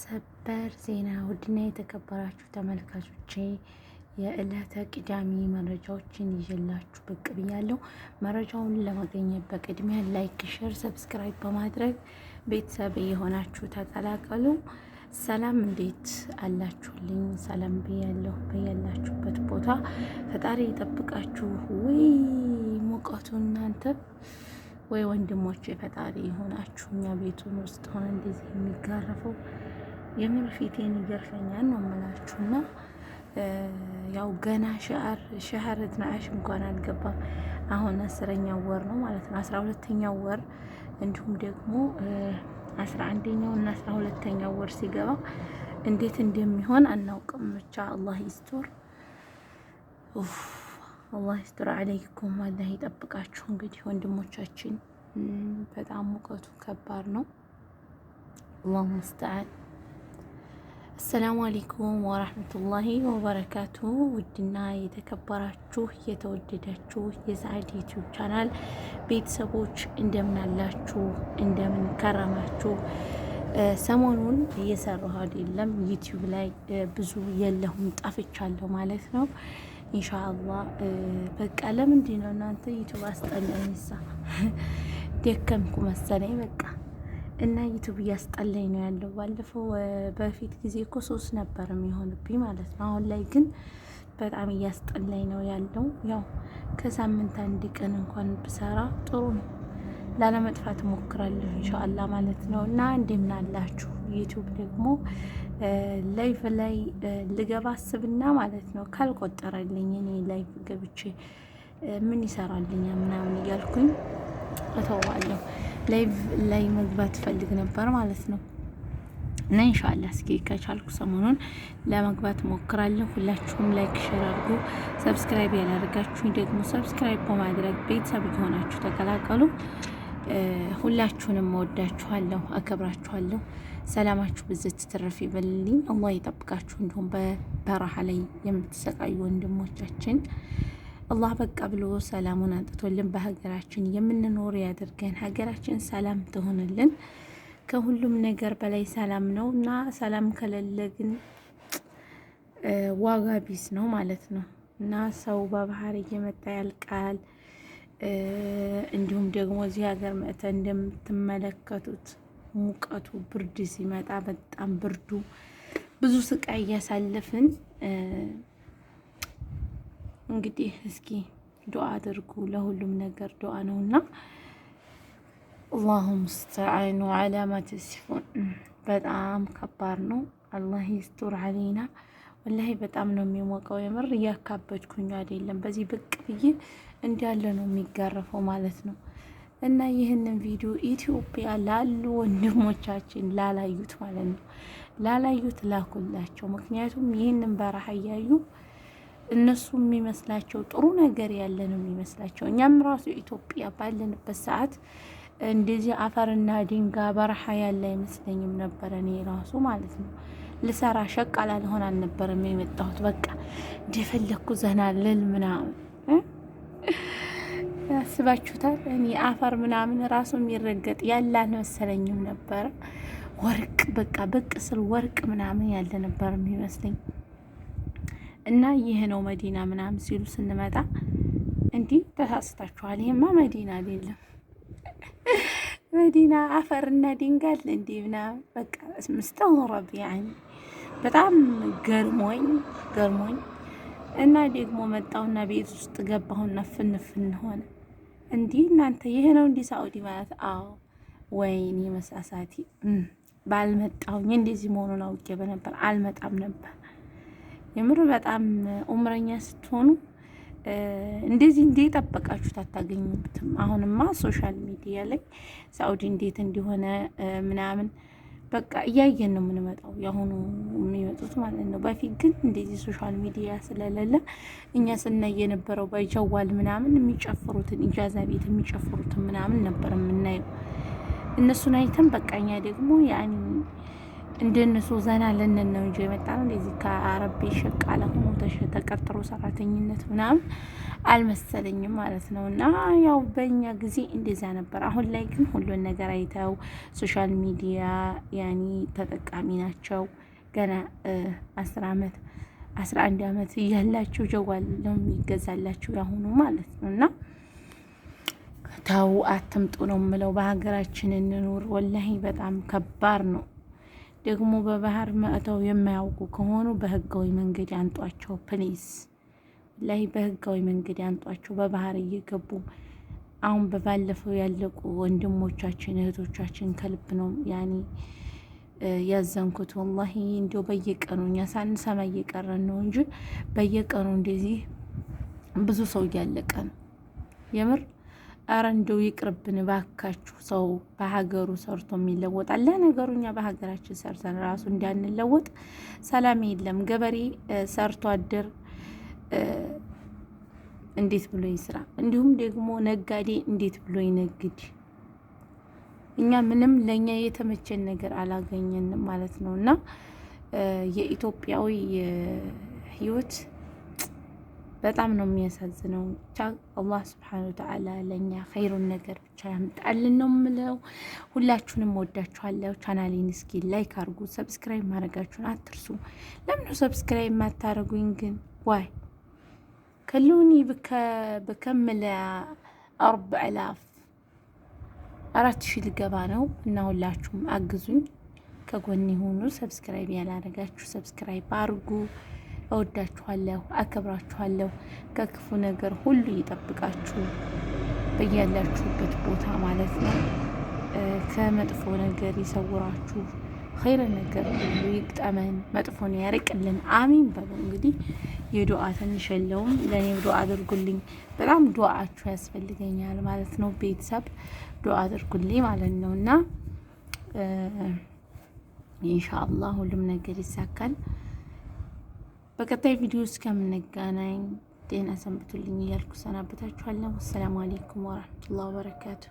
ሰበር ዜና ውድና የተከበራችሁ ተመልካቾቼ የዕለተ ቅዳሜ መረጃዎችን ይዤላችሁ ብቅ ብያለሁ። መረጃውን ለማግኘት በቅድሚያ ላይክ፣ ሼር፣ ሰብስክራይብ በማድረግ ቤተሰብ የሆናችሁ ተቀላቀሉ። ሰላም እንዴት አላችሁልኝ? ሰላም ብያለሁ። በያላችሁበት ቦታ ፈጣሪ ይጠብቃችሁ። ወይ ሙቀቱ እናንተ ወይ ወንድሞቼ ፈጣሪ የሆናችሁ እኛ ቤቱን ውስጥ ሆነ እንደዚህ የሚጋረፈው የምር ፊቴን ይገርፈኛል ነው የምላችሁ። እና ያው ገና ሻር ሻር እንኳን አልገባም። አሁን አስረኛው ወር ነው ማለት ነው አስራ ሁለተኛው ወር እንዲሁም ደግሞ አስራ አንደኛው እና አስራ ሁለተኛው ወር ሲገባ እንዴት እንደሚሆን አናውቅም። ብቻ አላህ ይስጥር፣ አላህ ይስጥር አለይኩም። አላህ ይጠብቃችሁ። እንግዲህ ወንድሞቻችን በጣም ሙቀቱ ከባድ ነው። አላሁ ሙስተዓን አሰላሙ አሌይኩም ወራህመቱላሂ ወበረካቱ። ውድና የተከበራችሁ የተወደዳችሁ የሰአድ ዩቲዩብ ቻናል ቤተሰቦች እንደምን አላችሁ? እንደምን ከረማችሁ? ሰሞኑን እየሰራሁ አይደለም፣ ዩቲዩብ ላይ ብዙ የለሁም ጠፍቻለሁ ማለት ነው። ኢንሻአላህ በቃ ለምንድን ነው እናንተ ዩቲዩብ አስጠላኝ፣ ደከምኩ መሰለኝ በቃ እና ዩቱብ እያስጠላኝ ነው ያለው። ባለፈው በፊት ጊዜ እኮ ሶስት ነበር የሚሆንብኝ ማለት ነው። አሁን ላይ ግን በጣም እያስጠላኝ ነው ያለው። ያው ከሳምንት አንድ ቀን እንኳን ብሰራ ጥሩ ነው። ላለመጥፋት እሞክራለሁ እንሻአላ ማለት ነው። እና እንደምን አላችሁ? ዩቱብ ደግሞ ላይፍ ላይ ልገባ አስብና ማለት ነው ካልቆጠረልኝ እኔ ላይፍ ገብቼ ምን ይሰራልኛ ምናምን እያልኩኝ እተዋለሁ። ላይቭ ላይ መግባት ፈልግ ነበር ማለት ነው እና እንሻላ እስኪ ከቻልኩ ሰሞኑን ለመግባት ሞክራለሁ። ሁላችሁም ላይክ፣ ሼር አድርጉ። ሰብስክራይብ ያላደርጋችሁኝ ደግሞ ሰብስክራይብ በማድረግ ቤተሰብ የሆናችሁ ተቀላቀሉ። ሁላችሁንም ወዳችኋለሁ፣ አከብራችኋለሁ። ሰላማችሁ ብዝት ትርፍ ይበልልኝ። አላህ ይጠብቃችሁ። እንዲሁም በበረሃ ላይ የምትሰቃዩ ወንድሞቻችን አላህ በቃ ብሎ ሰላሙን አንጥቶልን በሀገራችን የምንኖር ያድርገን። ሀገራችን ሰላም ትሆንልን። ከሁሉም ነገር በላይ ሰላም ነው እና ሰላም ከሌለ ግን ዋጋ ቢስ ነው ማለት ነው እና ሰው በባህር እየመጣ ያልቃል። እንዲሁም ደግሞ እዚህ ሀገር መጥተ እንደምትመለከቱት ሙቀቱ ብርድ ሲመጣ በጣም ብርዱ ብዙ ስቃይ እያሳለፍን እንግዲህ እስኪ ዱዓ አድርጉ። ለሁሉም ነገር ዱዓ ነውና አላሁ ሙስተዓኑ ዐላ ማ ተሲፉን። በጣም ከባድ ነው። አላህ ይስጡር አለይና። ወላሂ በጣም ነው የሚሞቀው። የምር እያካበድኩኝ አይደለም። በዚህ ብቅ ብዬ እንዳለ ነው የሚጋረፈው ማለት ነው። እና ይህንን ቪዲዮ ኢትዮጵያ ላሉ ወንድሞቻችን ላላዩት ማለት ነው ላላዩት ላኩላቸው። ምክንያቱም ይህንን በረሃ እያዩ እነሱ የሚመስላቸው ጥሩ ነገር ያለ ነው የሚመስላቸው እኛም ራሱ ኢትዮጵያ ባለንበት ሰዓት እንደዚህ አፈርና ድንጋይ በረሃ ያለ አይመስለኝም ነበረ። እኔ ራሱ ማለት ነው ልሰራ ሸቃላ ልሆን አልነበረም የመጣሁት። በቃ እንደፈለግኩ ዘና ልል ምናምን ያስባችሁታል። እኔ አፈር ምናምን ራሱ የሚረገጥ ያለ አልመሰለኝም ነበረ። ወርቅ በቃ ብቅ ስል ወርቅ ምናምን ያለ ነበር የሚመስለኝ። እና ይህ ነው መዲና ምናምን ሲሉ ስንመጣ እንዲህ ተሳስታችኋል፣ ይህማ መዲና አይደለም መዲና አፈርና ድንጋል እንዲብና በቃ ምስተውረብ ያኒ በጣም ገርሞኝ ገርሞኝ እና ደግሞ መጣውና ቤት ውስጥ ገባሁና ፍንፍን ሆነ። እንዲህ እናንተ ይሄ ነው እንዲህ ሳኡዲ ማለት? አዎ ወይኔ መሳሳቴ ባልመጣሁኝ እንደዚህ መሆኑን አውቄ በነበር አልመጣም ነበር። የምር በጣም ኡምረኛ ስትሆኑ እንደዚህ እንዴ ጠበቃችሁት አታገኙትም። አሁንማ ሶሻል ሚዲያ ላይ ሳኡዲ እንዴት እንዲሆነ ምናምን በቃ እያየን ነው የምንመጣው የአሁኑ የሚመጡት ማለት ነው። በፊት ግን እንደዚህ ሶሻል ሚዲያ ስለሌለ እኛ ስናይ የነበረው በጀዋል ምናምን የሚጨፍሩትን ኢጃዛ ቤት የሚጨፍሩትን ምናምን ነበር የምናየው። እነሱን አይተን በቃ እኛ ደግሞ ያኔ እንደነሱ ዘና ልንን ነው እንጂ የመጣ ነው። እንደዚህ ከአረብ ሸቃላ ለሆኑ ተቀጥሮ ሰራተኝነት ምናምን አልመሰለኝም ማለት ነው። እና ያው በእኛ ጊዜ እንደዛ ነበር። አሁን ላይ ግን ሁሉን ነገር አይተው ሶሻል ሚዲያ ያኒ ተጠቃሚ ናቸው። ገና አስር አመት አስራ አንድ አመት እያላችሁ ጀዋል ነው የሚገዛላችሁ ያሁኑ ማለት ነው እና ተው አትምጡ ነው የምለው። በሀገራችን እንኑር። ወላሂ በጣም ከባድ ነው። ደግሞ በባህር መእተው የማያውቁ ከሆኑ በህጋዊ መንገድ ያንጧቸው። ፕሊዝ ላይ በህጋዊ መንገድ ያንጧቸው። በባህር እየገቡ አሁን በባለፈው ያለቁ ወንድሞቻችን እህቶቻችን ከልብ ነው ያኔ ያዘንኩት። ወላሂ እንዲያው በየቀኑ እኛ ሳንሰማ እየቀረን ነው እንጂ በየቀኑ እንደዚህ ብዙ ሰው እያለቀ ነው የምር አረ እንደው ይቅርብን ባካችሁ። ሰው በሀገሩ ሰርቶ የሚለወጣል። ለነገሩ እኛ በሀገራችን ሰርተን ራሱ እንዳንለወጥ ሰላም የለም። ገበሬ ሰርቶ አደር እንዴት ብሎ ይስራ? እንዲሁም ደግሞ ነጋዴ እንዴት ብሎ ይነግድ? እኛ ምንም ለእኛ የተመቸን ነገር አላገኘንም ማለት ነው እና የኢትዮጵያዊ ህይወት በጣም ነው የሚያሳዝነው። ብቻ አላህ ስብሓን ወተዓላ ለእኛ ኸይሩን ነገር ብቻ ያምጣልን ነው ምለው። ሁላችሁንም ወዳችኋለሁ። ቻናሌን እስኪ ላይክ አርጉ፣ ሰብስክራይብ ማድረጋችሁን አትርሱ። ለምን ሰብስክራይብ ማታደርጉኝ ግን ዋይ ከልውኒ በከምለ አርብ ዕላፍ አራት ሺ ልገባ ነው እና ሁላችሁም አግዙኝ፣ ከጎን ሆኑ ሰብስክራይብ ያላረጋችሁ ሰብስክራይብ አርጉ። እወዳችኋለሁ፣ አከብራችኋለሁ። ከክፉ ነገር ሁሉ ይጠብቃችሁ በያላችሁበት ቦታ ማለት ነው። ከመጥፎ ነገር ይሰውራችሁ። ኸይረ ነገር ሁሉ ይግጠመን፣ መጥፎን ያርቅልን። አሚን በሉ። እንግዲህ የዱዓ ትንሽ የለውም። ለእኔ ዱአ አድርጉልኝ። በጣም ዱዓችሁ ያስፈልገኛል ማለት ነው። ቤተሰብ ዱ አድርጉልኝ ማለት ነው እና ኢንሻአላህ ሁሉም ነገር ይሳካል። በቀጣይ ቪዲዮ እስከምንገናኝ ጤና ሰንብቱልኝ እያልኩ ሰናበታችኋለሁ። አሰላሙ አሌይኩም ወራህመቱላህ ወበረካቱ።